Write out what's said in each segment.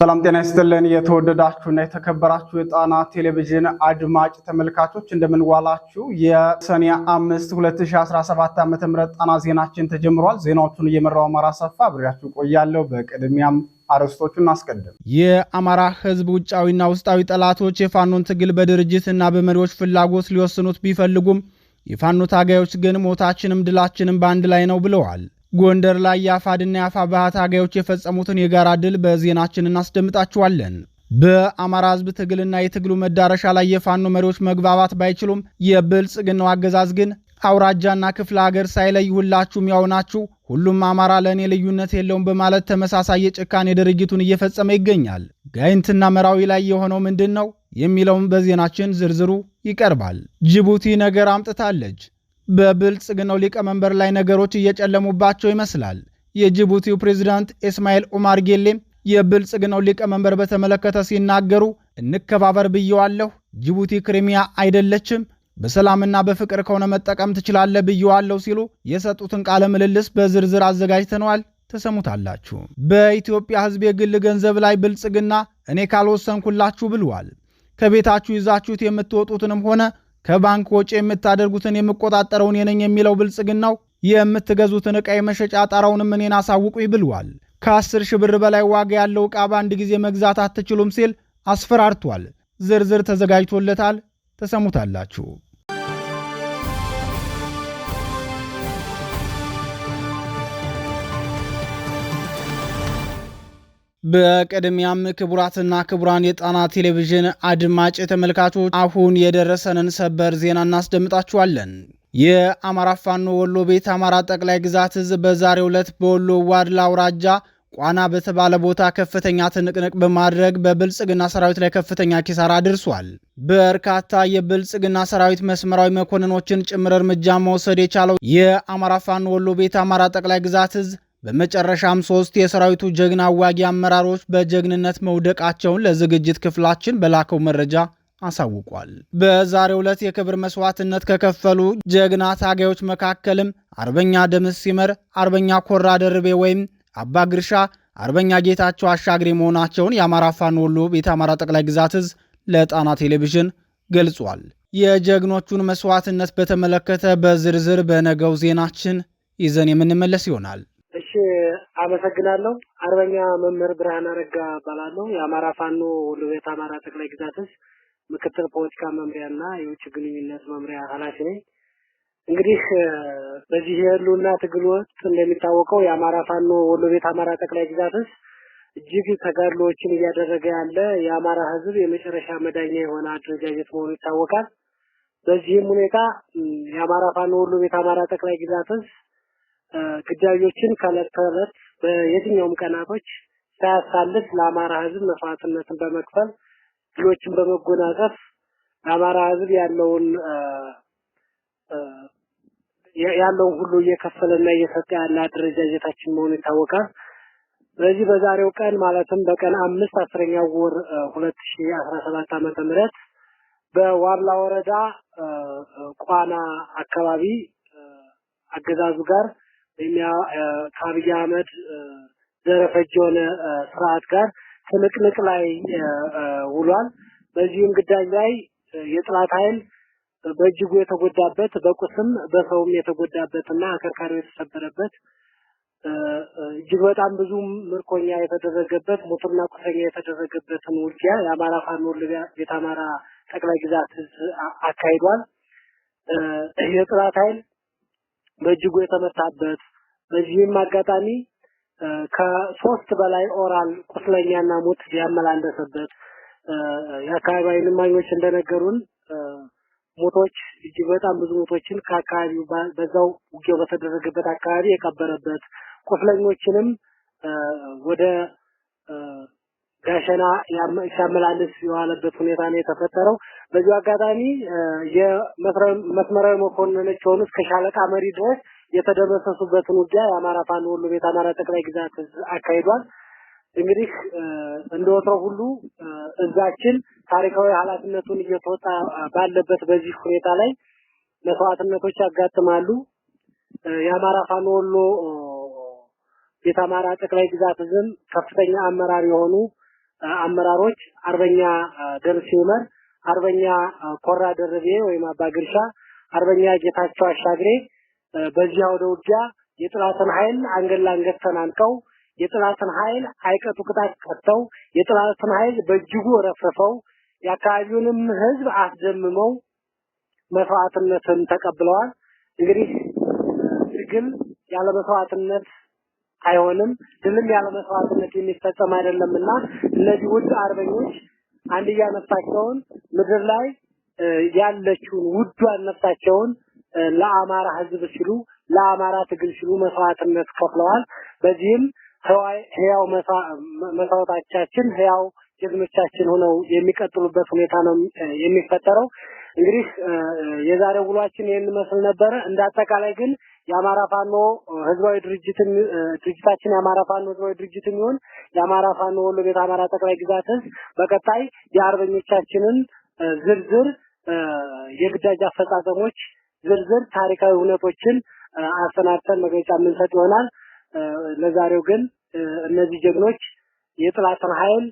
ሰላም ጤና ይስጥልን። የተወደዳችሁና የተከበራችሁ የጣና ቴሌቪዥን አድማጭ ተመልካቾች እንደምንዋላችሁ። የሰኔ አምስት 2017 ዓ ም ጣና ዜናችን ተጀምሯል። ዜናዎቹን እየመራው አማራ ሰፋ አብሬያችሁ ቆያለሁ። በቅድሚያም አርዕስቶቹን እናስቀድም። የአማራ ህዝብ ውጫዊና ውስጣዊ ጠላቶች የፋኖን ትግል በድርጅት እና በመሪዎች ፍላጎት ሊወስኑት ቢፈልጉም የፋኖ ታጋዮች ግን ሞታችንም ድላችንም በአንድ ላይ ነው ብለዋል። ጎንደር ላይ የአፋድና ባህ ታጋዮች የፈጸሙትን የጋራ ድል በዜናችን እናስደምጣችኋለን። በአማራ ህዝብ ትግልና የትግሉ መዳረሻ ላይ የፋኖ መሪዎች መግባባት ባይችሉም የብልጽግናው አገዛዝ ግን አውራጃና ክፍለ ሀገር ሳይለይ ሁላችሁም ያው ናችሁ፣ ሁሉም አማራ ለእኔ ልዩነት የለውም በማለት ተመሳሳይ የጭካኔ ድርጊቱን እየፈጸመ ይገኛል። ጋይንትና መራዊ ላይ የሆነው ምንድን ነው የሚለውም በዜናችን ዝርዝሩ ይቀርባል። ጅቡቲ ነገር አምጥታለች። በብልጽግናው ሊቀመንበር ላይ ነገሮች እየጨለሙባቸው ይመስላል። የጅቡቲው ፕሬዚዳንት ኢስማኤል ኡማር ጌሌ የብልጽግናው ሊቀመንበር በተመለከተ ሲናገሩ እንከባበር ብየዋለሁ፣ ጅቡቲ ክሪሚያ አይደለችም፣ በሰላምና በፍቅር ከሆነ መጠቀም ትችላለህ ብየዋለሁ ሲሉ የሰጡትን ቃለ ምልልስ በዝርዝር አዘጋጅተነዋል። ተሰሙታላችሁ። በኢትዮጵያ ሕዝብ የግል ገንዘብ ላይ ብልጽግና እኔ ካልወሰንኩላችሁ ብለዋል። ከቤታችሁ ይዛችሁት የምትወጡትንም ሆነ ከባንክ ወጪ የምታደርጉትን የምቆጣጠረውን የነኝ የሚለው ብልጽግናው የምትገዙትን ዕቃ የመሸጫ ጣራውንም እኔን አሳውቁኝ ብሏል። ከአስር ሺህ ብር በላይ ዋጋ ያለው ዕቃ በአንድ ጊዜ መግዛት አትችሉም ሲል አስፈራርቷል። ዝርዝር ተዘጋጅቶለታል። ተሰሙታላችሁ። በቅድሚያም ክቡራትና ክቡራን የጣና ቴሌቪዥን አድማጭ ተመልካቾች አሁን የደረሰንን ሰበር ዜና እናስደምጣችኋለን። የአማራ ፋኖ ወሎ ቤት አማራ ጠቅላይ ግዛት እዝ በዛሬው ዕለት በወሎ ዋድላ አውራጃ ቋና በተባለ ቦታ ከፍተኛ ትንቅንቅ በማድረግ በብልጽግና ሰራዊት ላይ ከፍተኛ ኪሳራ አድርሷል። በርካታ የብልጽግና ሰራዊት መስመራዊ መኮንኖችን ጭምር እርምጃ መውሰድ የቻለው የአማራ ፋኖ ወሎ ቤት አማራ ጠቅላይ ግዛት እዝ በመጨረሻም ሶስት የሰራዊቱ ጀግና አዋጊ አመራሮች በጀግንነት መውደቃቸውን ለዝግጅት ክፍላችን በላከው መረጃ አሳውቋል። በዛሬው ዕለት የክብር መስዋዕትነት ከከፈሉ ጀግና ታጋዮች መካከልም አርበኛ ደምስ ሲመር፣ አርበኛ ኮራ ደርቤ ወይም አባ ግርሻ፣ አርበኛ ጌታቸው አሻግሬ መሆናቸውን የአማራ ፋኖ ወሎ ቤት አማራ ጠቅላይ ግዛት እዝ ለጣና ቴሌቪዥን ገልጿል። የጀግኖቹን መስዋዕትነት በተመለከተ በዝርዝር በነገው ዜናችን ይዘን የምንመለስ ይሆናል። እሺ አመሰግናለሁ። አርበኛ መምህር ብርሃን አረጋ እባላለሁ። የአማራ ፋኖ ወሎ ቤት አማራ ጠቅላይ ግዛትስ ምክትል ፖለቲካ መምሪያና የውጭ ግንኙነት መምሪያ ኃላፊ ነኝ። እንግዲህ በዚህ የህልውና ትግል ወቅት እንደሚታወቀው የአማራ ፋኖ ወሎ ቤት አማራ ጠቅላይ ግዛትስ እጅግ ተጋድሎዎችን እያደረገ ያለ የአማራ ህዝብ የመጨረሻ መዳኛ የሆነ አደረጃጀት መሆኑ ይታወቃል። በዚህም ሁኔታ የአማራ ፋኖ ወሎ ቤት አማራ ጠቅላይ ግዛትስ ግዳጆችን ከእለት ተእለት በየትኛውም ቀናቶች ሳያሳልፍ ለአማራ ህዝብ መስዋዕትነትን በመክፈል ድሎችን በመጎናጸፍ ለአማራ ህዝብ ያለውን ያለውን ሁሉ እየከፈለና እየሰጠ ያለ አደረጃጀታችን መሆኑ ይታወቃል። ስለዚህ በዛሬው ቀን ማለትም በቀን አምስት አስረኛ ወር ሁለት ሺ አስራ ሰባት ዓመተ ምህረት በዋላ ወረዳ ቋና አካባቢ አገዛዙ ጋር እኛ ከአብይ አህመድ ዘረፈጅ የሆነ ስርዓት ጋር ትንቅንቅ ላይ ውሏል። በዚህም ግዳጅ ላይ የጥላት ኃይል በእጅጉ የተጎዳበት በቁስም በሰውም የተጎዳበት እና አከርካሪ የተሰበረበት እጅግ በጣም ብዙ ምርኮኛ የተደረገበት ሙትና ቁሰኛ የተደረገበትን ውጊያ የአማራ ፋኖ ቤት አማራ ጠቅላይ ግዛት አካሂዷል። የጥላት ኃይል በእጅጉ የተመታበት በዚህም አጋጣሚ ከሶስት በላይ ኦራል ቁስለኛና ሞት ያመላለሰበት የአካባቢው ልማኞች እንደነገሩን ሞቶች እጅግ በጣም ብዙ ሞቶችን ከአካባቢው በዛው ውጊያው በተደረገበት አካባቢ የቀበረበት ቁስለኞችንም ወደ ጋሸና ሲያመላልስ የዋለበት ሁኔታ ነው የተፈጠረው። በዚሁ አጋጣሚ የመስመራዊ መኮንኖች የሆኑት ከሻለቃ መሪ ድረስ የተደመሰሱበትን ውጊያ የአማራ ፋኖ ወሎ ቤት አማራ ጠቅላይ ግዛት አካሂዷል። እንግዲህ እንደ ወትሮ ሁሉ እዛችን ታሪካዊ ኃላፊነቱን እየተወጣ ባለበት በዚህ ሁኔታ ላይ መስዋዕትነቶች ያጋጥማሉ። የአማራ ፋኖ ወሎ ቤት አማራ ጠቅላይ ግዛት ዝም ከፍተኛ አመራር የሆኑ አመራሮች አርበኛ ደርሲ ዑመር፣ አርበኛ ኮራ ደርቤ ወይም አባ ግርሻ፣ አርበኛ ጌታቸው አሻግሬ በዚያ ወደ ውጊያ የጥላትን ኃይል አንገት ለአንገት ተናንቀው የጥላትን ኃይል አይቀጡ ቅጣት ቀጥተው የጥላትን ኃይል በእጅጉ ረፍርፈው የአካባቢውንም ህዝብ አስደምመው መስዋዕትነትን ተቀብለዋል። እንግዲህ ትግል ያለ መስዋዕትነት አይሆንም። ድልም ያለ መስዋዕትነት የሚፈጸም አይደለምና እነዚህ ውድ አርበኞች አንድያ ነፍሳቸውን ምድር ላይ ያለችውን ውዷን ነፍሳቸውን ለአማራ ህዝብ ሲሉ ለአማራ ትግል ሲሉ መስዋዕትነት ከፍለዋል። በዚህም ህያው መስዋዕታቻችን ህያው ጀግኖቻችን ሆነው የሚቀጥሉበት ሁኔታ ነው የሚፈጠረው። እንግዲህ የዛሬው ውሏችን ይህን መስል ነበረ። እንደ አጠቃላይ ግን የአማራ ፋኖ ህዝባዊ ድርጅትን ድርጅታችን የአማራ ፋኖ ህዝባዊ ድርጅትን ይሁን የአማራ ፋኖ ወሎ ቤት አማራ ጠቅላይ ግዛት ህዝብ በቀጣይ የአርበኞቻችንን ዝርዝር የግዳጅ አፈጻጸሞች ዝርዝር ታሪካዊ እውነቶችን አሰናድተን መግለጫ የምንሰጥ ይሆናል። ለዛሬው ግን እነዚህ ጀግኖች የጥላትን ኃይል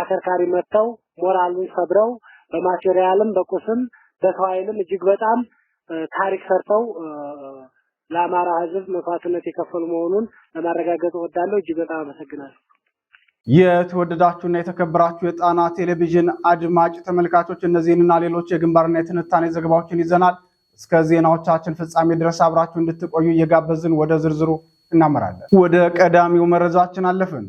አከርካሪ መጥተው ሞራሉን ሰብረው በማቴሪያልም በቁስም በሰው ኃይልም እጅግ በጣም ታሪክ ሰርተው ለአማራ ህዝብ መስዋዕትነት የከፈሉ መሆኑን ለማረጋገጥ እወዳለሁ። እጅግ በጣም አመሰግናለሁ። የተወደዳችሁና የተከበራችሁ የጣና ቴሌቪዥን አድማጭ ተመልካቾች እነዚህንና ሌሎች የግንባርና የትንታኔ ዘገባዎችን ይዘናል። እስከ ዜናዎቻችን ፍጻሜ ድረስ አብራችሁ እንድትቆዩ እየጋበዝን ወደ ዝርዝሩ እናመራለን። ወደ ቀዳሚው መረጃችን አለፍን።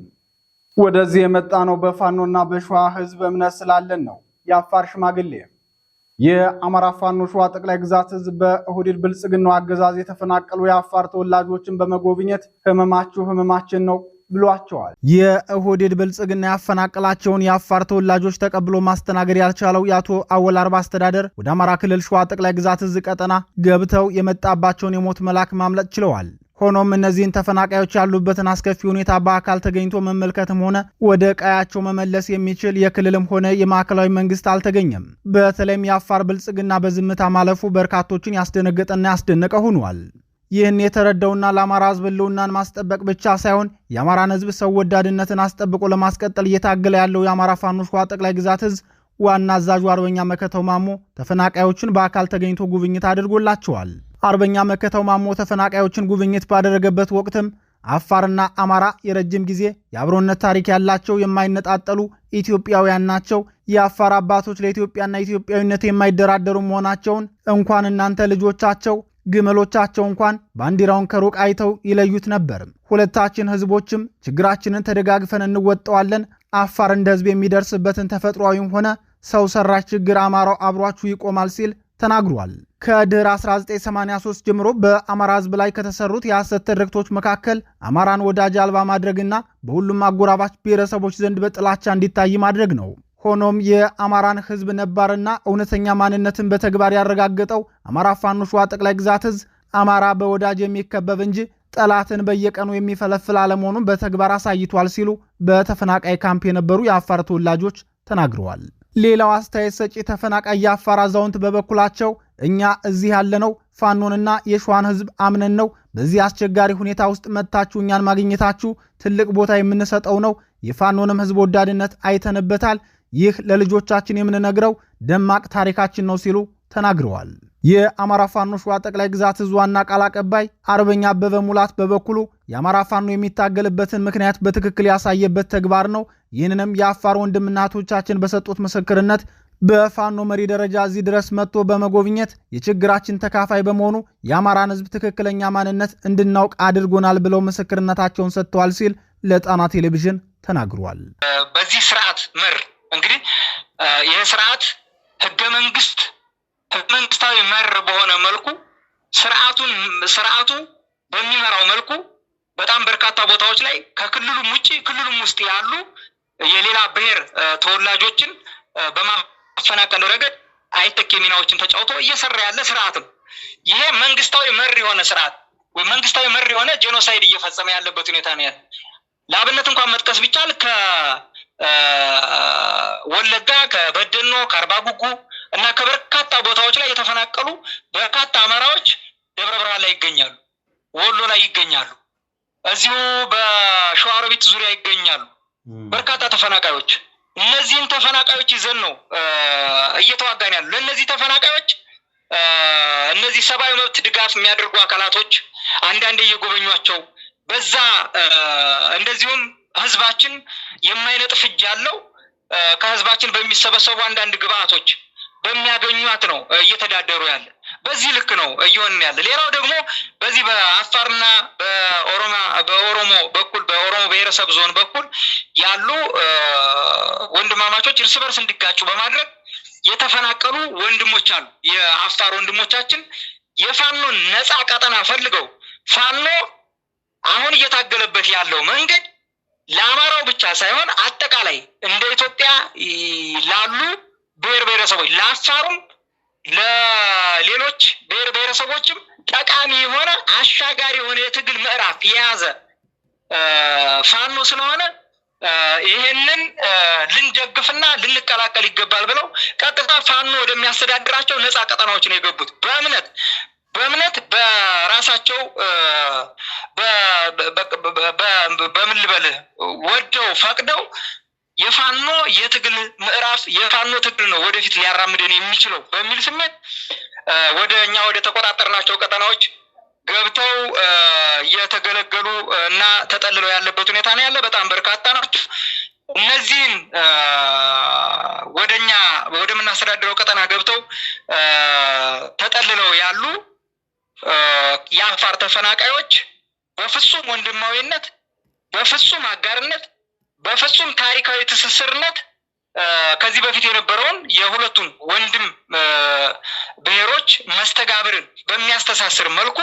ወደዚህ የመጣ ነው በፋኖና በሸዋ ህዝብ እምነት ስላለን ነው። የአፋር ሽማግሌ የአማራ ፋኖ ሸዋ ጠቅላይ ግዛት ህዝብ በኦህዴድ ብልጽግናው አገዛዝ የተፈናቀሉ የአፋር ተወላጆችን በመጎብኘት ህመማችሁ ህመማችን ነው ብሏቸዋል። የኦህዴድ ብልጽግና ያፈናቀላቸውን የአፋር ተወላጆች ተቀብሎ ማስተናገድ ያልቻለው የአቶ አወል አርባ አስተዳደር ወደ አማራ ክልል ሸዋ ጠቅላይ ግዛት እዝ ቀጠና ገብተው የመጣባቸውን የሞት መልአክ ማምለጥ ችለዋል። ሆኖም እነዚህን ተፈናቃዮች ያሉበትን አስከፊ ሁኔታ በአካል ተገኝቶ መመልከትም ሆነ ወደ ቀያቸው መመለስ የሚችል የክልልም ሆነ የማዕከላዊ መንግስት አልተገኘም። በተለይም የአፋር ብልጽግና በዝምታ ማለፉ በርካቶችን ያስደነገጠና ያስደነቀ ሆኗል። ይህን የተረዳውና ለአማራ ህዝብ ህልውናን ማስጠበቅ ብቻ ሳይሆን የአማራን ህዝብ ሰው ወዳድነትን አስጠብቆ ለማስቀጠል እየታገለ ያለው የአማራ ፋኖ ሸዋ ጠቅላይ ግዛት እዝ ዋና አዛዡ አርበኛ መከተው ማሞ ተፈናቃዮችን በአካል ተገኝቶ ጉብኝት አድርጎላቸዋል። አርበኛ መከተው ማሞ ተፈናቃዮችን ጉብኝት ባደረገበት ወቅትም አፋርና አማራ የረጅም ጊዜ የአብሮነት ታሪክ ያላቸው የማይነጣጠሉ ኢትዮጵያውያን ናቸው። የአፋር አባቶች ለኢትዮጵያና ኢትዮጵያዊነት የማይደራደሩ መሆናቸውን እንኳን እናንተ ልጆቻቸው ግመሎቻቸው እንኳን ባንዲራውን ከሩቅ አይተው ይለዩት ነበር። ሁለታችን ህዝቦችም ችግራችንን ተደጋግፈን እንወጣዋለን። አፋር እንደ ህዝብ የሚደርስበትን ተፈጥሯዊም ሆነ ሰው ሰራሽ ችግር አማራው አብሯችሁ ይቆማል ሲል ተናግሯል። ከድር 1983 ጀምሮ በአማራ ሕዝብ ላይ ከተሰሩት የሐሰት ትርክቶች መካከል አማራን ወዳጅ አልባ ማድረግና በሁሉም አጎራባች ብሔረሰቦች ዘንድ በጥላቻ እንዲታይ ማድረግ ነው። ሆኖም የአማራን ሕዝብ ነባርና እውነተኛ ማንነትን በተግባር ያረጋገጠው አማራ ፋኖ ሸዋ ጠቅላይ ግዛት እዝ አማራ በወዳጅ የሚከበብ እንጂ ጠላትን በየቀኑ የሚፈለፍል አለመሆኑን በተግባር አሳይቷል ሲሉ በተፈናቃይ ካምፕ የነበሩ የአፋር ተወላጆች ተናግረዋል። ሌላው አስተያየት ሰጪ ተፈናቃይ የአፋር አዛውንት በበኩላቸው እኛ እዚህ ያለነው ፋኖንና የሸዋን ህዝብ አምነን ነው። በዚህ አስቸጋሪ ሁኔታ ውስጥ መጥታችሁ እኛን ማግኘታችሁ ትልቅ ቦታ የምንሰጠው ነው። የፋኖንም ህዝብ ወዳድነት አይተንበታል። ይህ ለልጆቻችን የምንነግረው ደማቅ ታሪካችን ነው ሲሉ ተናግረዋል። የአማራ ፋኖ ሸዋ ጠቅላይ ግዛት እዝ ዋና ቃል አቀባይ አርበኛ አበበ ሙላት በበኩሉ የአማራ ፋኖ የሚታገልበትን ምክንያት በትክክል ያሳየበት ተግባር ነው። ይህንንም የአፋር ወንድምናቶቻችን በሰጡት ምስክርነት በፋኖ መሪ ደረጃ እዚህ ድረስ መጥቶ በመጎብኘት የችግራችን ተካፋይ በመሆኑ የአማራን ሕዝብ ትክክለኛ ማንነት እንድናውቅ አድርጎናል ብለው ምስክርነታቸውን ሰጥተዋል ሲል ለጣና ቴሌቪዥን ተናግሯል። በዚህ ስርዓት መር እንግዲህ ይህ ስርዓት ህገ መንግስት ህገ መንግስታዊ መር በሆነ መልኩ ስርዓቱን ስርዓቱ በሚመራው መልኩ በጣም በርካታ ቦታዎች ላይ ከክልሉም ውጭ ክልሉም ውስጥ ያሉ የሌላ ብሔር ተወላጆችን በማ አፈናቀለው ረገድ አይተኬ ሚናዎችን ተጫውቶ እየሰራ ያለ ስርዓት ነው። ይሄ መንግስታዊ መር የሆነ ስርዓት ወይም መንግስታዊ መር የሆነ ጄኖሳይድ እየፈጸመ ያለበት ሁኔታ ነው ያለ። ለአብነት እንኳን መጥቀስ ቢቻል ከወለጋ ከበደኖ ከአርባ ጉጉ እና ከበርካታ ቦታዎች ላይ የተፈናቀሉ በርካታ አማራዎች ደብረ ብርሃን ላይ ይገኛሉ፣ ወሎ ላይ ይገኛሉ፣ እዚሁ በሸዋሮቢት ዙሪያ ይገኛሉ በርካታ ተፈናቃዮች እነዚህን ተፈናቃዮች ይዘን ነው እየተዋጋን ያሉ። ለእነዚህ ተፈናቃዮች እነዚህ ሰብአዊ መብት ድጋፍ የሚያደርጉ አካላቶች አንዳንዴ እየጎበኟቸው በዛ እንደዚሁም ህዝባችን የማይነጥፍ እጅ ያለው ከህዝባችን በሚሰበሰቡ አንዳንድ ግብአቶች በሚያገኟት ነው እየተዳደሩ ያለ። በዚህ ልክ ነው እየሆንን ያለ። ሌላው ደግሞ በዚህ በአፋርና በኦሮሞ በኩል በኦሮሞ ብሔረሰብ ዞን በኩል ያሉ ወንድማማቾች እርስ በርስ እንዲጋጩ በማድረግ የተፈናቀሉ ወንድሞች አሉ። የአፋር ወንድሞቻችን የፋኖን ነፃ ቀጠና ፈልገው ፋኖ አሁን እየታገለበት ያለው መንገድ ለአማራው ብቻ ሳይሆን አጠቃላይ እንደ ኢትዮጵያ ላሉ ብሔር ብሔረሰቦች ለአፋሩም ለሌሎች ብሔር ብሔረሰቦችም ጠቃሚ የሆነ አሻጋሪ የሆነ የትግል ምዕራፍ የያዘ ፋኖ ስለሆነ ይህንን ልንደግፍና ልንቀላቀል ይገባል ብለው ቀጥታ ፋኖ ወደሚያስተዳድራቸው ነፃ ቀጠናዎች ነው የገቡት። በእምነት በእምነት በራሳቸው በምን ልበልህ ወደው ፈቅደው የፋኖ የትግል ምዕራፍ የፋኖ ትግል ነው ወደፊት ሊያራምደን የሚችለው በሚል ስሜት ወደ እኛ ወደ ተቆጣጠርናቸው ቀጠናዎች ገብተው እየተገለገሉ እና ተጠልለው ያለበት ሁኔታ ነው ያለ። በጣም በርካታ ናቸው። እነዚህን ወደኛ ወደምናስተዳድረው ቀጠና ገብተው ተጠልለው ያሉ የአፋር ተፈናቃዮች በፍጹም ወንድማዊነት፣ በፍጹም አጋርነት በፍጹም ታሪካዊ ትስስርነት ከዚህ በፊት የነበረውን የሁለቱን ወንድም ብሔሮች መስተጋብርን በሚያስተሳስር መልኩ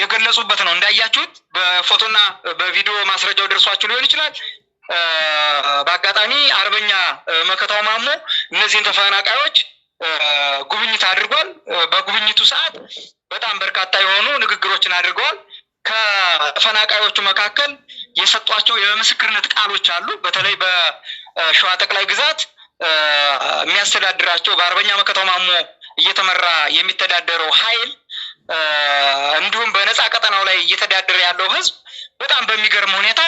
የገለጹበት ነው። እንዳያችሁት በፎቶና በቪዲዮ ማስረጃው ደርሷችሁ ሊሆን ይችላል። በአጋጣሚ አርበኛ መከታው ማሞ እነዚህን ተፈናቃዮች ጉብኝት አድርጓል። በጉብኝቱ ሰዓት በጣም በርካታ የሆኑ ንግግሮችን አድርገዋል። ከተፈናቃዮቹ መካከል የሰጧቸው የምስክርነት ቃሎች አሉ። በተለይ በሸዋ ጠቅላይ ግዛት የሚያስተዳድራቸው በአርበኛ መከታው ማሞ እየተመራ የሚተዳደረው ኃይል እንዲሁም በነፃ ቀጠናው ላይ እየተዳደረ ያለው ህዝብ በጣም በሚገርም ሁኔታ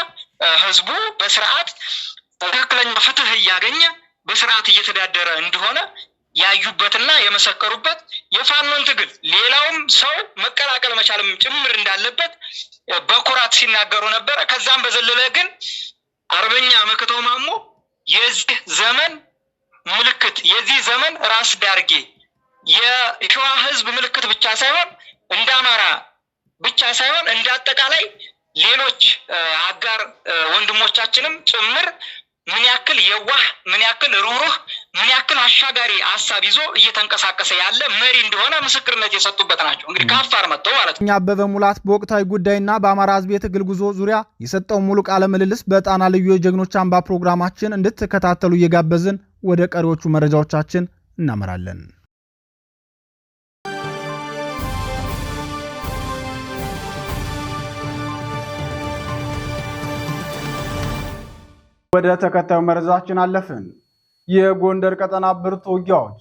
ህዝቡ በስርዓት ትክክለኛ ፍትህ እያገኘ በስርዓት እየተዳደረ እንደሆነ ያዩበትና የመሰከሩበት የፋኖን ትግል ሌላውም ሰው መቀላቀል መቻልም ጭምር እንዳለበት በኩራት ሲናገሩ ነበረ። ከዛም በዘለለ ግን አርበኛ መከተው ማሞ የዚህ ዘመን ምልክት የዚህ ዘመን ራስ ዳርጌ የሸዋ ሕዝብ ምልክት ብቻ ሳይሆን እንደ አማራ ብቻ ሳይሆን እንደ አጠቃላይ ሌሎች አጋር ወንድሞቻችንም ጭምር ምን ያክል የዋህ ምን ያክል ሩህሩህ ምን ያክል አሻጋሪ ሀሳብ ይዞ እየተንቀሳቀሰ ያለ መሪ እንደሆነ ምስክርነት የሰጡበት ናቸው። እንግዲህ ከአፋር መጥተው ማለት ነው። አበበ ሙላት በወቅታዊ ጉዳይና በአማራ ሕዝብ የትግል ጉዞ ዙሪያ የሰጠውን ሙሉ ቃለ ምልልስ በጣና ልዩ የጀግኖች አምባ ፕሮግራማችን እንድትከታተሉ እየጋበዝን ወደ ቀሪዎቹ መረጃዎቻችን እናመራለን። ወደ ተከታዩ መረጃችን አለፍን። የጎንደር ቀጠና ብርቱ ውጊያዎች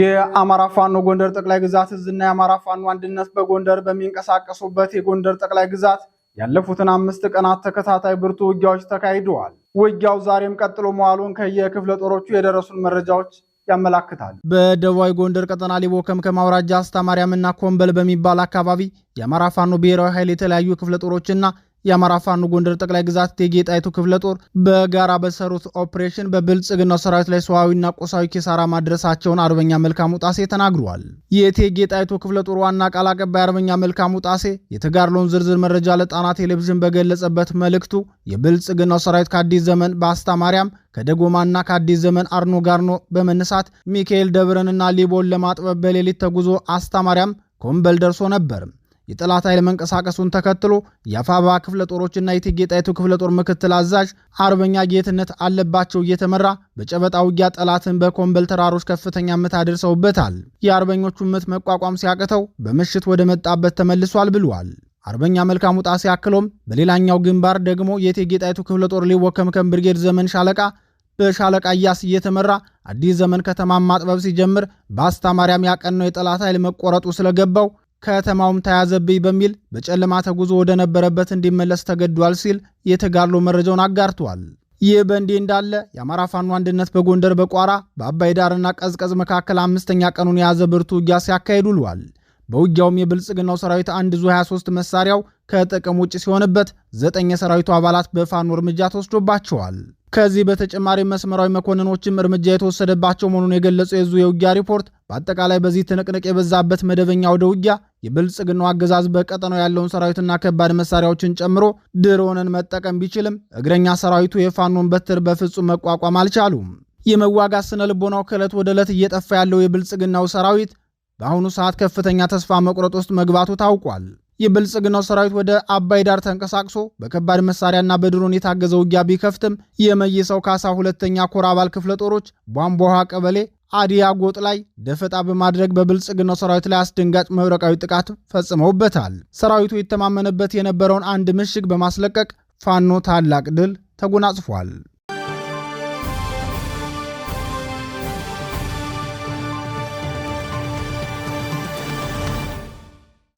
የአማራ ፋኖ ጎንደር ጠቅላይ ግዛት እዝና የአማራ ፋኖ አንድነት በጎንደር በሚንቀሳቀሱበት የጎንደር ጠቅላይ ግዛት ያለፉትን አምስት ቀናት ተከታታይ ብርቱ ውጊያዎች ተካሂደዋል። ውጊያው ዛሬም ቀጥሎ መዋሉን ከየክፍለ ጦሮቹ የደረሱን መረጃዎች ያመላክታል። በደቡባዊ ጎንደር ቀጠና ሊቦ ከምከም አውራጃ አስታ ኮምበል በሚባል አካባቢ የአማራ ፋኖ ብሔራዊ ኃይል የተለያዩ ክፍለ ጦሮችና የአማራ ፋኖ ጎንደር ጠቅላይ ግዛት እቴጌ ጣይቱ ክፍለ ጦር በጋራ በሰሩት ኦፕሬሽን በብልጽግናው ሰራዊት ላይ ሰዋዊና ቁሳዊ ኪሳራ ማድረሳቸውን አርበኛ መልካሙ ጣሴ ተናግረዋል። የእቴጌ ጣይቱ ክፍለ ጦር ዋና ቃል አቀባይ አርበኛ መልካሙ ጣሴ የተጋድሎውን ዝርዝር መረጃ ለጣና ቴሌቪዥን በገለጸበት መልእክቱ የብልጽግናው ሰራዊት ከአዲስ ዘመን በአስታ ማርያም ከደጎማና ከአዲስ ዘመን አርኖ ጋርኖ በመነሳት ሚካኤል ደብረንና ሊቦን ለማጥበብ በሌሊት ተጉዞ አስታ ማርያም ኮምበል ደርሶ ነበር። የጠላት ኃይል መንቀሳቀሱን ተከትሎ የአፋባ ክፍለ ጦሮችና የእቴጌ ጣይቱ ክፍለ ጦር ምክትል አዛዥ አርበኛ ጌትነት አለባቸው እየተመራ በጨበጣ ውጊያ ጠላትን በኮምበል ተራሮች ከፍተኛ ምት አድርሰውበታል። የአርበኞቹ ምት መቋቋም ሲያቅተው በምሽት ወደ መጣበት ተመልሷል ብሏል። አርበኛ መልካሙ ጣሴ አክሎም በሌላኛው ግንባር ደግሞ የእቴጌ ጣይቱ ክፍለ ጦር ሊወከምከም ብርጌድ ዘመን ሻለቃ በሻለቃ እያስ እየተመራ አዲስ ዘመን ከተማ ማጥበብ ሲጀምር በአስታማርያም ያቀናው የጠላት ኃይል መቆረጡ ስለገባው ከተማውም ተያዘብኝ በሚል በጨለማ ተጉዞ ወደ ነበረበት እንዲመለስ ተገዷል ሲል የተጋድሎ መረጃውን አጋርቷል። ይህ በእንዲህ እንዳለ የአማራ ፋኖ አንድነት በጎንደር በቋራ በአባይ ዳርና ቀዝቀዝ መካከል አምስተኛ ቀኑን የያዘ ብርቱ ውጊያ ሲያካሂድ ውሏል። በውጊያውም የብልጽግናው ሰራዊት አንድ ዙ 23 መሳሪያው ከጥቅም ውጭ ሲሆንበት ዘጠኝ የሰራዊቱ አባላት በፋኖ እርምጃ ተወስዶባቸዋል። ከዚህ በተጨማሪ መስመራዊ መኮንኖችም እርምጃ የተወሰደባቸው መሆኑን የገለጸው የዙ የውጊያ ሪፖርት በአጠቃላይ በዚህ ትንቅንቅ የበዛበት መደበኛ ወደ ውጊያ የብልጽግናው አገዛዝ በቀጠናው ያለውን ሰራዊትና ከባድ መሳሪያዎችን ጨምሮ ድሮንን መጠቀም ቢችልም እግረኛ ሰራዊቱ የፋኖን በትር በፍጹም መቋቋም አልቻሉም። የመዋጋት ስነ ልቦናው ከዕለት ወደ ዕለት እየጠፋ ያለው የብልጽግናው ሰራዊት በአሁኑ ሰዓት ከፍተኛ ተስፋ መቁረጥ ውስጥ መግባቱ ታውቋል። የብልጽግናው ሰራዊት ወደ አባይ ዳር ተንቀሳቅሶ በከባድ መሳሪያና በድሮን የታገዘ ውጊያ ቢከፍትም የመይሰው ካሳ ሁለተኛ ኮር አባል ክፍለ ጦሮች ቧንቧ ውሃ ቀበሌ አዲያ ጎጥ ላይ ደፈጣ በማድረግ በብልጽግናው ሰራዊት ላይ አስደንጋጭ መብረቃዊ ጥቃት ፈጽመውበታል። ሰራዊቱ የተማመነበት የነበረውን አንድ ምሽግ በማስለቀቅ ፋኖ ታላቅ ድል ተጎናጽፏል።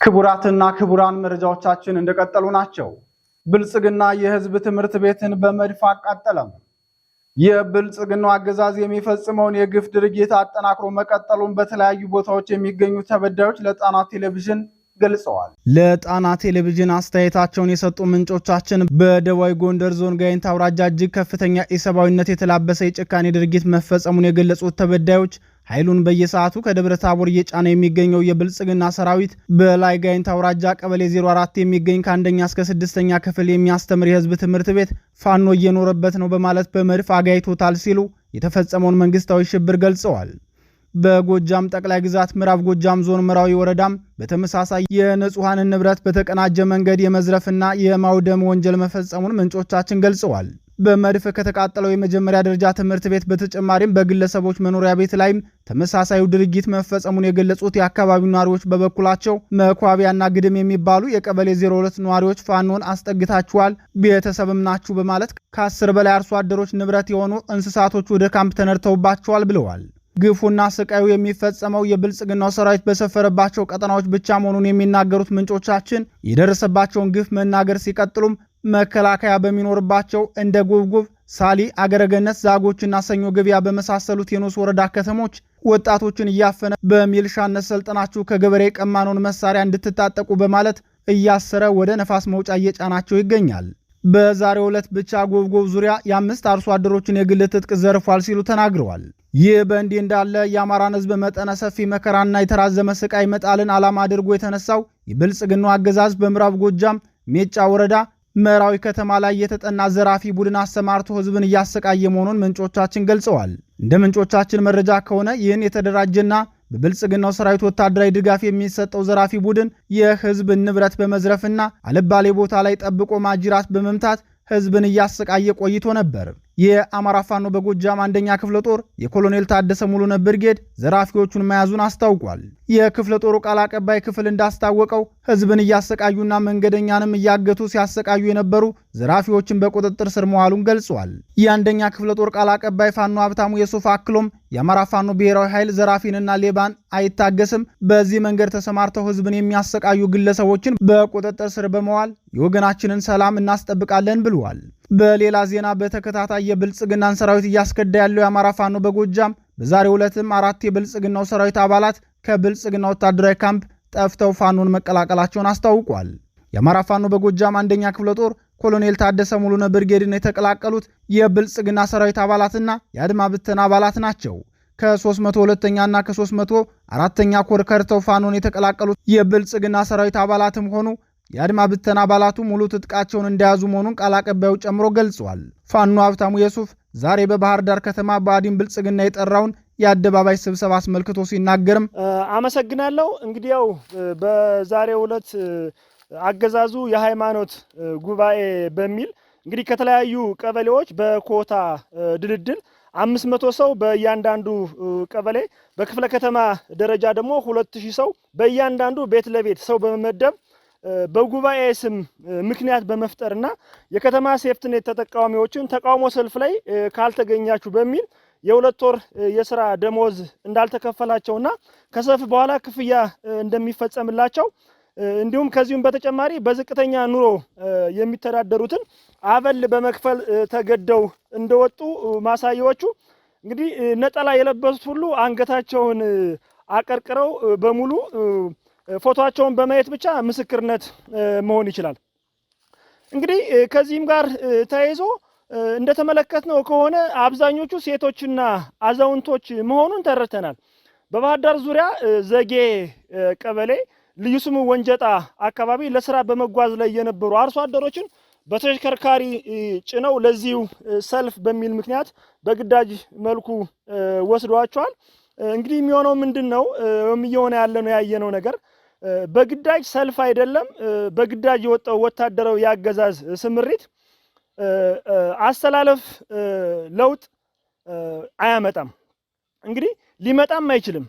ክቡራትና ክቡራን መረጃዎቻችን እንደቀጠሉ ናቸው። ብልጽግና የህዝብ ትምህርት ቤትን በመድፍ አቃጠለም። የብልጽግናው አገዛዝ የሚፈጽመውን የግፍ ድርጊት አጠናክሮ መቀጠሉን በተለያዩ ቦታዎች የሚገኙ ተበዳዮች ለጣና ቴሌቪዥን ገልጸዋል። ለጣና ቴሌቪዥን አስተያየታቸውን የሰጡ ምንጮቻችን በደቡባዊ ጎንደር ዞን ጋይንት አውራጃ እጅግ ከፍተኛ ኢሰብአዊነት የተላበሰ የጭካኔ ድርጊት መፈጸሙን የገለጹት ተበዳዮች ኃይሉን በየሰዓቱ ከደብረ ታቦር እየጫነ የሚገኘው የብልጽግና ሰራዊት በላይ ጋይንት አውራጃ ቀበሌ 04 የሚገኝ ከአንደኛ እስከ ስድስተኛ ክፍል የሚያስተምር የህዝብ ትምህርት ቤት ፋኖ እየኖረበት ነው በማለት በመድፍ አጋይቶታል ሲሉ የተፈጸመውን መንግስታዊ ሽብር ገልጸዋል። በጎጃም ጠቅላይ ግዛት ምዕራብ ጎጃም ዞን ምራዊ ወረዳም በተመሳሳይ የንጹሐንን ንብረት በተቀናጀ መንገድ የመዝረፍና የማውደም ወንጀል መፈጸሙን ምንጮቻችን ገልጸዋል። በመድፍ ከተቃጠለው የመጀመሪያ ደረጃ ትምህርት ቤት በተጨማሪም በግለሰቦች መኖሪያ ቤት ላይም ተመሳሳዩ ድርጊት መፈጸሙን የገለጹት የአካባቢው ነዋሪዎች በበኩላቸው መኳቢያና ግድም የሚባሉ የቀበሌ 02 ነዋሪዎች ፋኖን አስጠግታችኋል፣ ቤተሰብም ናችሁ በማለት ከአስር በላይ አርሶ አደሮች ንብረት የሆኑ እንስሳቶች ወደ ካምፕ ተነድተውባቸዋል ብለዋል። ግፉና ስቃዩ የሚፈጸመው የብልጽግናው ሰራዊት በሰፈረባቸው ቀጠናዎች ብቻ መሆኑን የሚናገሩት ምንጮቻችን የደረሰባቸውን ግፍ መናገር ሲቀጥሉም መከላከያ በሚኖርባቸው እንደ ጉብጉብ፣ ሳሊ፣ አገረገነት፣ ዛጎችና ሰኞ ገበያ በመሳሰሉት የኖስ ወረዳ ከተሞች ወጣቶችን እያፈነ በሚልሻነት ሰልጥናችሁ ከገበሬ ቀማነውን መሳሪያ እንድትታጠቁ በማለት እያሰረ ወደ ነፋስ መውጫ እየጫናቸው ይገኛል። በዛሬው ዕለት ብቻ ጎብጎብ ዙሪያ የአምስት አርሶ አደሮችን የግል ትጥቅ ዘርፏል ሲሉ ተናግረዋል። ይህ በእንዲህ እንዳለ የአማራን ሕዝብ መጠነ ሰፊ መከራና የተራዘመ ስቃይ መጣልን ዓላማ አድርጎ የተነሳው የብልጽግናው አገዛዝ በምዕራብ ጎጃም ሜጫ ወረዳ መራዊ ከተማ ላይ የተጠና ዘራፊ ቡድን አሰማርቶ ህዝብን እያሰቃየ መሆኑን ምንጮቻችን ገልጸዋል። እንደ ምንጮቻችን መረጃ ከሆነ ይህን የተደራጀና በብልጽግናው ሰራዊት ወታደራዊ ድጋፍ የሚሰጠው ዘራፊ ቡድን የህዝብ ንብረት በመዝረፍና አልባሌ ቦታ ላይ ጠብቆ ማጅራት በመምታት ህዝብን እያሰቃየ ቆይቶ ነበር። የአማራ ፋኖ በጎጃም አንደኛ ክፍለ ጦር የኮሎኔል ታደሰ ሙሉነህ ብርጌድ ዘራፊዎቹን መያዙን አስታውቋል። የክፍለ ጦሩ ቃል አቀባይ ክፍል እንዳስታወቀው ህዝብን እያሰቃዩና መንገደኛንም እያገቱ ሲያሰቃዩ የነበሩ ዘራፊዎችን በቁጥጥር ስር መዋሉን ገልጿል። የአንደኛ ክፍለ ጦር ቃል አቀባይ ፋኖ ሀብታሙ የሱፍ አክሎም የአማራ ፋኖ ብሔራዊ ኃይል ዘራፊንና ሌባን አይታገስም። በዚህ መንገድ ተሰማርተው ህዝብን የሚያሰቃዩ ግለሰቦችን በቁጥጥር ስር በመዋል የወገናችንን ሰላም እናስጠብቃለን ብለዋል። በሌላ ዜና በተከታታይ የብልጽግናን ሰራዊት እያስከዳ ያለው የአማራ ፋኖ በጎጃም በዛሬው ዕለትም አራት የብልጽግናው ሰራዊት አባላት ከብልጽግና ወታደራዊ ካምፕ ጠፍተው ፋኖን መቀላቀላቸውን አስታውቋል። የአማራ ፋኖ በጎጃም አንደኛ ክፍለ ጦር ኮሎኔል ታደሰ ሙሉነ ብርጌድን የተቀላቀሉት የብልጽግና ሰራዊት አባላትና የአድማ ብተና አባላት ናቸው። ከ302ኛና ከ304ኛ ኮር ከርተው ፋኖን የተቀላቀሉት የብልጽግና ሰራዊት አባላትም ሆኑ የአድማ ብተና አባላቱ ሙሉ ትጥቃቸውን እንደያዙ መሆኑን ቃል አቀባዩ ጨምሮ ገልጿል። ፋኖ ሀብታሙ የሱፍ ዛሬ በባህር ዳር ከተማ ብአዴን ብልጽግና የጠራውን የአደባባይ ስብሰባ አስመልክቶ ሲናገርም አመሰግናለሁ። እንግዲህ ያው በዛሬው ዕለት አገዛዙ የሃይማኖት ጉባኤ በሚል እንግዲህ ከተለያዩ ቀበሌዎች በኮታ ድልድል አምስት መቶ ሰው በእያንዳንዱ ቀበሌ በክፍለ ከተማ ደረጃ ደግሞ ሁለት ሺህ ሰው በእያንዳንዱ ቤት ለቤት ሰው በመመደብ በጉባኤ ስም ምክንያት በመፍጠርና የከተማ ሴፍትኔት ተጠቃሚዎችን ተቃውሞ ሰልፍ ላይ ካልተገኛችሁ በሚል የሁለት ወር የስራ ደሞዝ እንዳልተከፈላቸውና ከሰልፍ በኋላ ክፍያ እንደሚፈጸምላቸው እንዲሁም ከዚሁም በተጨማሪ በዝቅተኛ ኑሮ የሚተዳደሩትን አበል በመክፈል ተገደው እንደወጡ ማሳያዎቹ እንግዲህ ነጠላ የለበሱት ሁሉ አንገታቸውን አቀርቅረው በሙሉ ፎቶቸውን በማየት ብቻ ምስክርነት መሆን ይችላል። እንግዲህ ከዚህም ጋር ተያይዞ እንደተመለከትነው ከሆነ አብዛኞቹ ሴቶችና አዛውንቶች መሆኑን ተረድተናል። በባህር ዳር ዙሪያ ዘጌ ቀበሌ ልዩ ስሙ ወንጀጣ አካባቢ ለስራ በመጓዝ ላይ የነበሩ አርሶ አደሮችን በተሽከርካሪ ጭነው ለዚሁ ሰልፍ በሚል ምክንያት በግዳጅ መልኩ ወስዷቸዋል። እንግዲህ የሚሆነው ምንድን ነው? እየሆነ ያለ ነው ያየነው ነገር በግዳጅ ሰልፍ አይደለም፣ በግዳጅ የወጣው ወታደራዊ የአገዛዝ ስምሪት አሰላለፍ ለውጥ አያመጣም። እንግዲህ ሊመጣም አይችልም።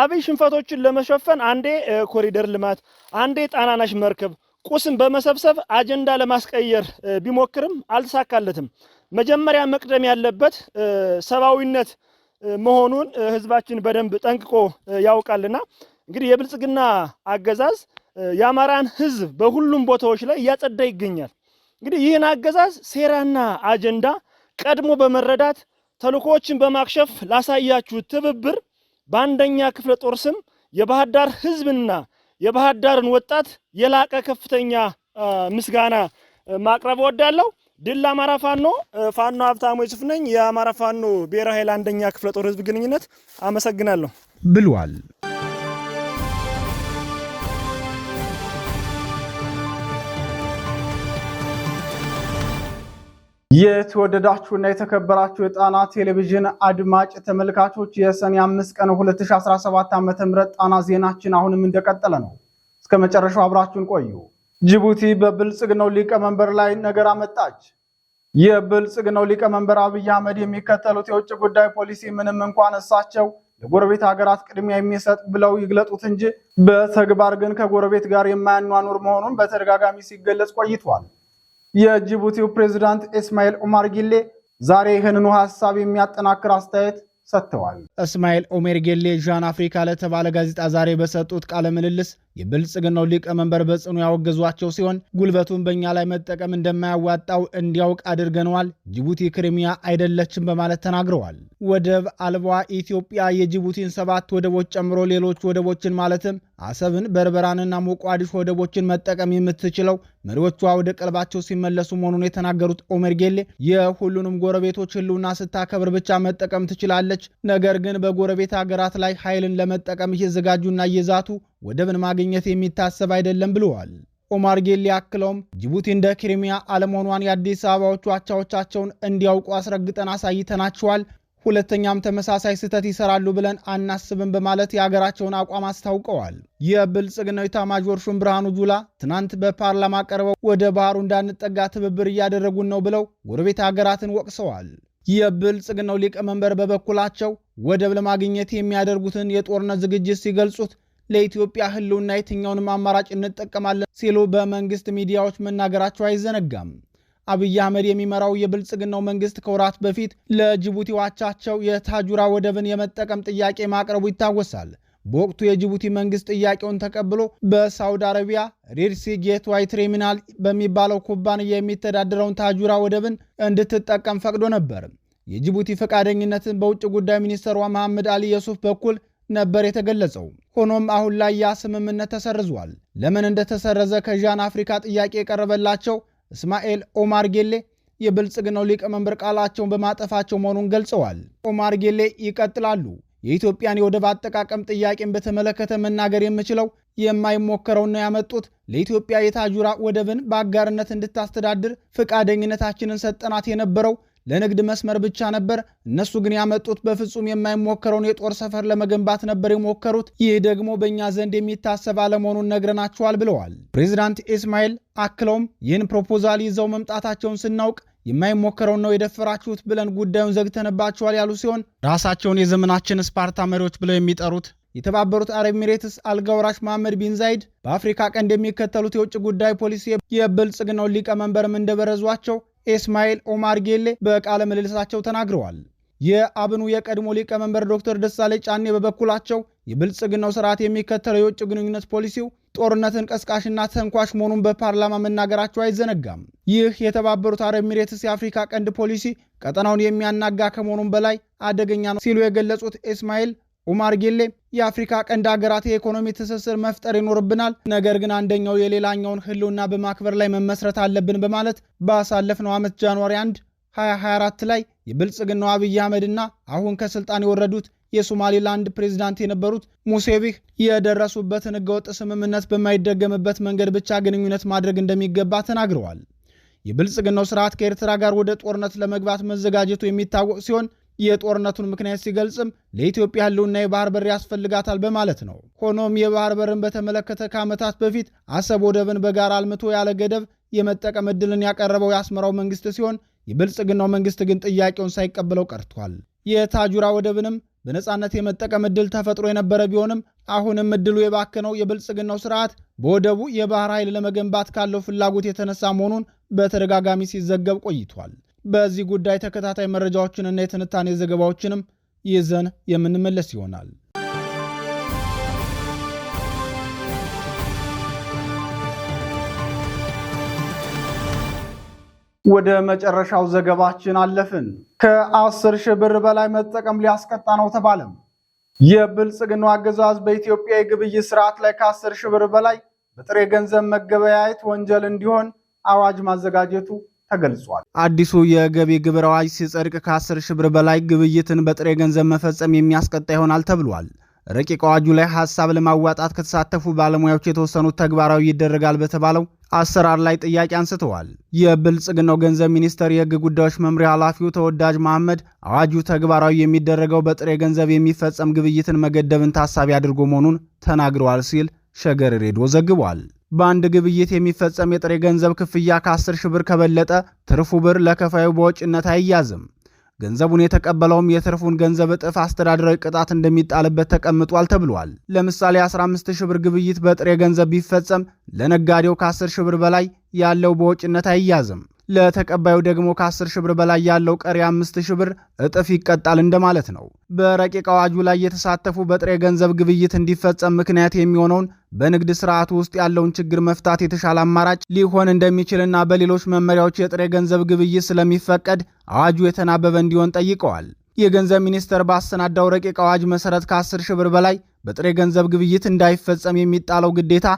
አብይ ሽንፈቶችን ለመሸፈን አንዴ ኮሪደር ልማት፣ አንዴ ጣናናሽ መርከብ ቁስን በመሰብሰብ አጀንዳ ለማስቀየር ቢሞክርም አልተሳካለትም። መጀመሪያ መቅደም ያለበት ሰብአዊነት መሆኑን ህዝባችን በደንብ ጠንቅቆ ያውቃልና እንግዲህ የብልጽግና አገዛዝ የአማራን ህዝብ በሁሉም ቦታዎች ላይ እያጸዳ ይገኛል። እንግዲህ ይህን አገዛዝ ሴራና አጀንዳ ቀድሞ በመረዳት ተልኮዎችን በማክሸፍ ላሳያችሁ ትብብር በአንደኛ ክፍለ ጦር ስም የባህር ዳር ሕዝብና የባህር ዳርን ወጣት የላቀ ከፍተኛ ምስጋና ማቅረብ እወዳለሁ። ድል አማራ ፋኖ። ፋኖ ሀብታሙ ይስፍ ነኝ፣ የአማራ ፋኖ ብሔራዊ ኃይል አንደኛ ክፍለ ጦር ህዝብ ግንኙነት። አመሰግናለሁ ብሏል። የተወደዳችሁና የተከበራችሁ የጣና ቴሌቪዥን አድማጭ ተመልካቾች የሰኔ አምስት ቀን 2017 ዓ.ም ጣና ዜናችን አሁንም እንደቀጠለ ነው። እስከ መጨረሻው አብራችሁን ቆዩ። ጅቡቲ በብልጽግናው ሊቀመንበር ላይ ነገር አመጣች። የብልጽግናው ሊቀመንበር አብይ አህመድ የሚከተሉት የውጭ ጉዳይ ፖሊሲ ምንም እንኳን እሳቸው ለጎረቤት ሀገራት ቅድሚያ የሚሰጥ ብለው ይግለጡት እንጂ በተግባር ግን ከጎረቤት ጋር የማያኗኑር መሆኑን በተደጋጋሚ ሲገለጽ ቆይቷል። የጅቡቲው ፕሬዝዳንት እስማኤል ኦማር ጊሌ ዛሬ ይህንኑ ሀሳብ የሚያጠናክር አስተያየት ሰጥተዋል። እስማኤል ኦሜር ጌሌ ዣን አፍሪካ ለተባለ ጋዜጣ ዛሬ በሰጡት ቃለ ምልልስ የብልጽግናው ሊቀመንበር በጽኑ ያወገዟቸው ሲሆን ጉልበቱን በእኛ ላይ መጠቀም እንደማያዋጣው እንዲያውቅ አድርገነዋል። ጅቡቲ ክሪሚያ አይደለችም በማለት ተናግረዋል። ወደብ አልባ ኢትዮጵያ የጅቡቲን ሰባት ወደቦች ጨምሮ ሌሎች ወደቦችን ማለትም አሰብን፣ በርበራንና ሞቃዲሾ ወደቦችን መጠቀም የምትችለው መሪዎቿ ወደ ቀልባቸው ሲመለሱ መሆኑን የተናገሩት ኦሜርጌሌ የሁሉንም ጎረቤቶች ሕልውና ስታከብር ብቻ መጠቀም ትችላለች። ነገር ግን በጎረቤት ሀገራት ላይ ኃይልን ለመጠቀም እየዘጋጁና እየዛቱ ወደብን ማግኘት የሚታሰብ አይደለም ብለዋል። ኦማር ጌሌ አክለውም ጅቡቲ እንደ ክሪሚያ አለመሆኗን የአዲስ አበባዎቹ አቻዎቻቸውን እንዲያውቁ አስረግጠን አሳይተናቸዋል። ሁለተኛም ተመሳሳይ ስህተት ይሰራሉ ብለን አናስብም በማለት የሀገራቸውን አቋም አስታውቀዋል። የብልጽግናው ኤታማዦር ሹም ብርሃኑ ጁላ ትናንት በፓርላማ ቀርበው ወደ ባህሩ እንዳንጠጋ ትብብር እያደረጉን ነው ብለው ጎረቤት ሀገራትን ወቅሰዋል። የብልጽግናው ሊቀመንበር በበኩላቸው ወደብ ለማግኘት የሚያደርጉትን የጦርነት ዝግጅት ሲገልጹት ለኢትዮጵያ ህልውና የትኛውንም አማራጭ እንጠቀማለን ሲሉ በመንግስት ሚዲያዎች መናገራቸው አይዘነጋም። አብይ አህመድ የሚመራው የብልጽግናው መንግስት ከወራት በፊት ለጅቡቲ ዋቻቸው የታጁራ ወደብን የመጠቀም ጥያቄ ማቅረቡ ይታወሳል። በወቅቱ የጅቡቲ መንግስት ጥያቄውን ተቀብሎ በሳውዲ አረቢያ ሪድሲ ጌትዋይ ትሬሚናል በሚባለው ኩባንያ የሚተዳደረውን ታጁራ ወደብን እንድትጠቀም ፈቅዶ ነበር። የጅቡቲ ፈቃደኝነትን በውጭ ጉዳይ ሚኒስትሯ መሐመድ አሊ የሱፍ በኩል ነበር የተገለጸው። ሆኖም አሁን ላይ ያ ስምምነት ተሰርዟል። ለምን እንደተሰረዘ ከዣን አፍሪካ ጥያቄ የቀረበላቸው እስማኤል ኦማር ጌሌ የብልጽግናው ሊቀመንበር ቃላቸውን በማጠፋቸው መሆኑን ገልጸዋል። ኦማር ጌሌ ይቀጥላሉ። የኢትዮጵያን የወደብ አጠቃቀም ጥያቄን በተመለከተ መናገር የምችለው የማይሞከረውን ነው ያመጡት። ለኢትዮጵያ የታጁራ ወደብን በአጋርነት እንድታስተዳድር ፈቃደኝነታችንን ሰጠናት የነበረው ለንግድ መስመር ብቻ ነበር። እነሱ ግን ያመጡት በፍጹም የማይሞከረውን የጦር ሰፈር ለመገንባት ነበር የሞከሩት። ይህ ደግሞ በእኛ ዘንድ የሚታሰብ አለመሆኑን ነግረናቸዋል ብለዋል ፕሬዚዳንት ኢስማኤል። አክለውም ይህን ፕሮፖዛል ይዘው መምጣታቸውን ስናውቅ የማይሞከረውን ነው የደፈራችሁት ብለን ጉዳዩን ዘግተንባቸዋል ያሉ ሲሆን ራሳቸውን የዘመናችን ስፓርታ መሪዎች ብለው የሚጠሩት የተባበሩት አረብ ኤሚሬትስ አልጋውራሽ መሐመድ ቢን ዛይድ በአፍሪካ ቀንድ የሚከተሉት የውጭ ጉዳይ ፖሊሲ የብልጽግናውን ሊቀመንበርም እንደበረዟቸው ኢስማኤል ኦማር ጌሌ በቃለ ምልልሳቸው ተናግረዋል። የአብኑ የቀድሞ ሊቀመንበር ዶክተር ደሳሌ ጫኔ በበኩላቸው የብልጽግናው ስርዓት የሚከተለው የውጭ ግንኙነት ፖሊሲው ጦርነትን ቀስቃሽና ተንኳሽ መሆኑን በፓርላማ መናገራቸው አይዘነጋም። ይህ የተባበሩት አረብ ኤሚሬትስ የአፍሪካ ቀንድ ፖሊሲ ቀጠናውን የሚያናጋ ከመሆኑም በላይ አደገኛ ነው ሲሉ የገለጹት ኢስማኤል ኡማር ጌሌ የአፍሪካ ቀንድ ሀገራት የኢኮኖሚ ትስስር መፍጠር ይኖርብናል፣ ነገር ግን አንደኛው የሌላኛውን ህልውና በማክበር ላይ መመስረት አለብን በማለት ባሳለፍነው ዓመት ጃንዋሪ 1 2024 ላይ የብልጽግናው አብይ አህመድና አሁን ከስልጣን የወረዱት የሶማሌላንድ ፕሬዚዳንት የነበሩት ሙሴቪህ የደረሱበትን ህገወጥ ስምምነት በማይደገምበት መንገድ ብቻ ግንኙነት ማድረግ እንደሚገባ ተናግረዋል። የብልጽግናው ስርዓት ከኤርትራ ጋር ወደ ጦርነት ለመግባት መዘጋጀቱ የሚታወቅ ሲሆን የጦርነቱን ምክንያት ሲገልጽም ለኢትዮጵያ ሕልውና የባህር በር ያስፈልጋታል በማለት ነው። ሆኖም የባህር በርን በተመለከተ ከዓመታት በፊት አሰብ ወደብን በጋራ አልምቶ ያለ ገደብ የመጠቀም ዕድልን ያቀረበው የአስመራው መንግስት ሲሆን የብልጽግናው መንግስት ግን ጥያቄውን ሳይቀበለው ቀርቷል። የታጁራ ወደብንም በነፃነት የመጠቀም ዕድል ተፈጥሮ የነበረ ቢሆንም አሁንም ዕድሉ የባከነው የብልጽግናው ስርዓት በወደቡ የባህር ኃይል ለመገንባት ካለው ፍላጎት የተነሳ መሆኑን በተደጋጋሚ ሲዘገብ ቆይቷል። በዚህ ጉዳይ ተከታታይ መረጃዎችንና የትንታኔ ዘገባዎችንም ይዘን የምንመለስ ይሆናል። ወደ መጨረሻው ዘገባችን አለፍን። ከአስር ሺህ ብር በላይ መጠቀም ሊያስቀጣ ነው ተባለም። የብልጽግናው አገዛዝ በኢትዮጵያ የግብይት ስርዓት ላይ ከአስር ሺህ ብር በላይ በጥሬ ገንዘብ መገበያየት ወንጀል እንዲሆን አዋጅ ማዘጋጀቱ ተገልጿል። አዲሱ የገቢ ግብር አዋጅ ሲጸድቅ ከ10 ሺህ ብር በላይ ግብይትን በጥሬ ገንዘብ መፈጸም የሚያስቀጣ ይሆናል ተብሏል። ረቂቅ አዋጁ ላይ ሀሳብ ለማዋጣት ከተሳተፉ ባለሙያዎች የተወሰኑት ተግባራዊ ይደረጋል በተባለው አሰራር ላይ ጥያቄ አንስተዋል። የብልጽግናው ገንዘብ ሚኒስቴር የሕግ ጉዳዮች መምሪያ ኃላፊው ተወዳጅ መሐመድ አዋጁ ተግባራዊ የሚደረገው በጥሬ ገንዘብ የሚፈጸም ግብይትን መገደብን ታሳቢ አድርጎ መሆኑን ተናግረዋል ሲል ሸገር ሬዲዮ ዘግቧል። በአንድ ግብይት የሚፈጸም የጥሬ ገንዘብ ክፍያ ከ10 ሺህ ብር ከበለጠ ትርፉ ብር ለከፋዩ በወጪነት አይያዝም። ገንዘቡን የተቀበለውም የትርፉን ገንዘብ እጥፍ አስተዳደራዊ ቅጣት እንደሚጣልበት ተቀምጧል ተብሏል። ለምሳሌ 15 ሺህ ብር ግብይት በጥሬ ገንዘብ ቢፈጸም ለነጋዴው ከ10 ሺህ ብር በላይ ያለው በወጪነት አይያዝም። ለተቀባዩ ደግሞ ከ10 ሺህ ብር በላይ ያለው ቀሪ 5 ሺህ ብር እጥፍ ይቀጣል እንደማለት ነው። በረቂቅ አዋጁ ላይ የተሳተፉ በጥሬ ገንዘብ ግብይት እንዲፈጸም ምክንያት የሚሆነውን በንግድ ስርዓቱ ውስጥ ያለውን ችግር መፍታት የተሻለ አማራጭ ሊሆን እንደሚችልና በሌሎች መመሪያዎች የጥሬ ገንዘብ ግብይት ስለሚፈቀድ አዋጁ የተናበበ እንዲሆን ጠይቀዋል። የገንዘብ ሚኒስቴር ባሰናዳው ረቂቅ አዋጅ መሰረት ከ10 ሺህ ብር በላይ በጥሬ ገንዘብ ግብይት እንዳይፈጸም የሚጣለው ግዴታ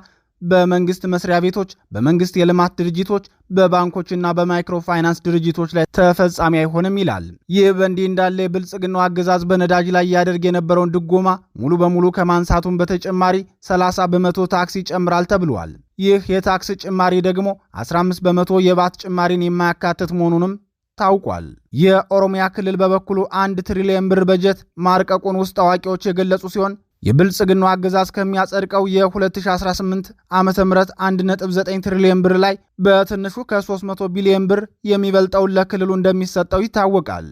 በመንግስት መስሪያ ቤቶች፣ በመንግስት የልማት ድርጅቶች፣ በባንኮችና በማይክሮ ፋይናንስ ድርጅቶች ላይ ተፈጻሚ አይሆንም ይላል። ይህ በእንዲህ እንዳለ የብልጽግናው አገዛዝ በነዳጅ ላይ ያደርግ የነበረውን ድጎማ ሙሉ በሙሉ ከማንሳቱን በተጨማሪ 30 በመቶ ታክስ ይጨምራል ተብሏል። ይህ የታክስ ጭማሪ ደግሞ 15 በመቶ የባት ጭማሪን የማያካትት መሆኑንም ታውቋል። የኦሮሚያ ክልል በበኩሉ አንድ ትሪሊየን ብር በጀት ማርቀቁን ውስጥ አዋቂዎች የገለጹ ሲሆን የብልጽግናው አገዛዝ ከሚያጸድቀው የ2018 ዓ ም 1.9 ትሪሊዮን ብር ላይ በትንሹ ከ300 ቢሊዮን ብር የሚበልጠውን ለክልሉ እንደሚሰጠው ይታወቃል።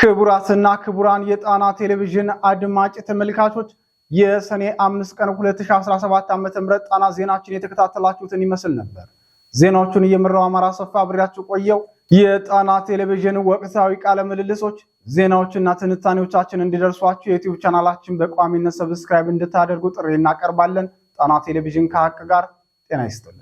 ክቡራትና ክቡራን የጣና ቴሌቪዥን አድማጭ ተመልካቾች የሰኔ 5 ቀን 2017 ዓ ም ጣና ዜናችን የተከታተላችሁትን ይመስል ነበር። ዜናዎቹን እየመራው አማራ ሰፋ አብሬያችሁ ቆየው። የጣና ቴሌቪዥን ወቅታዊ ቃለ ምልልሶች፣ ዜናዎችና ትንታኔዎቻችን እንዲደርሷችሁ የዩቲዩብ ቻናላችን በቋሚነት ሰብስክራይብ እንድታደርጉ ጥሪ እናቀርባለን። ጣና ቴሌቪዥን ከሀቅ ጋር ጤና ይስጥል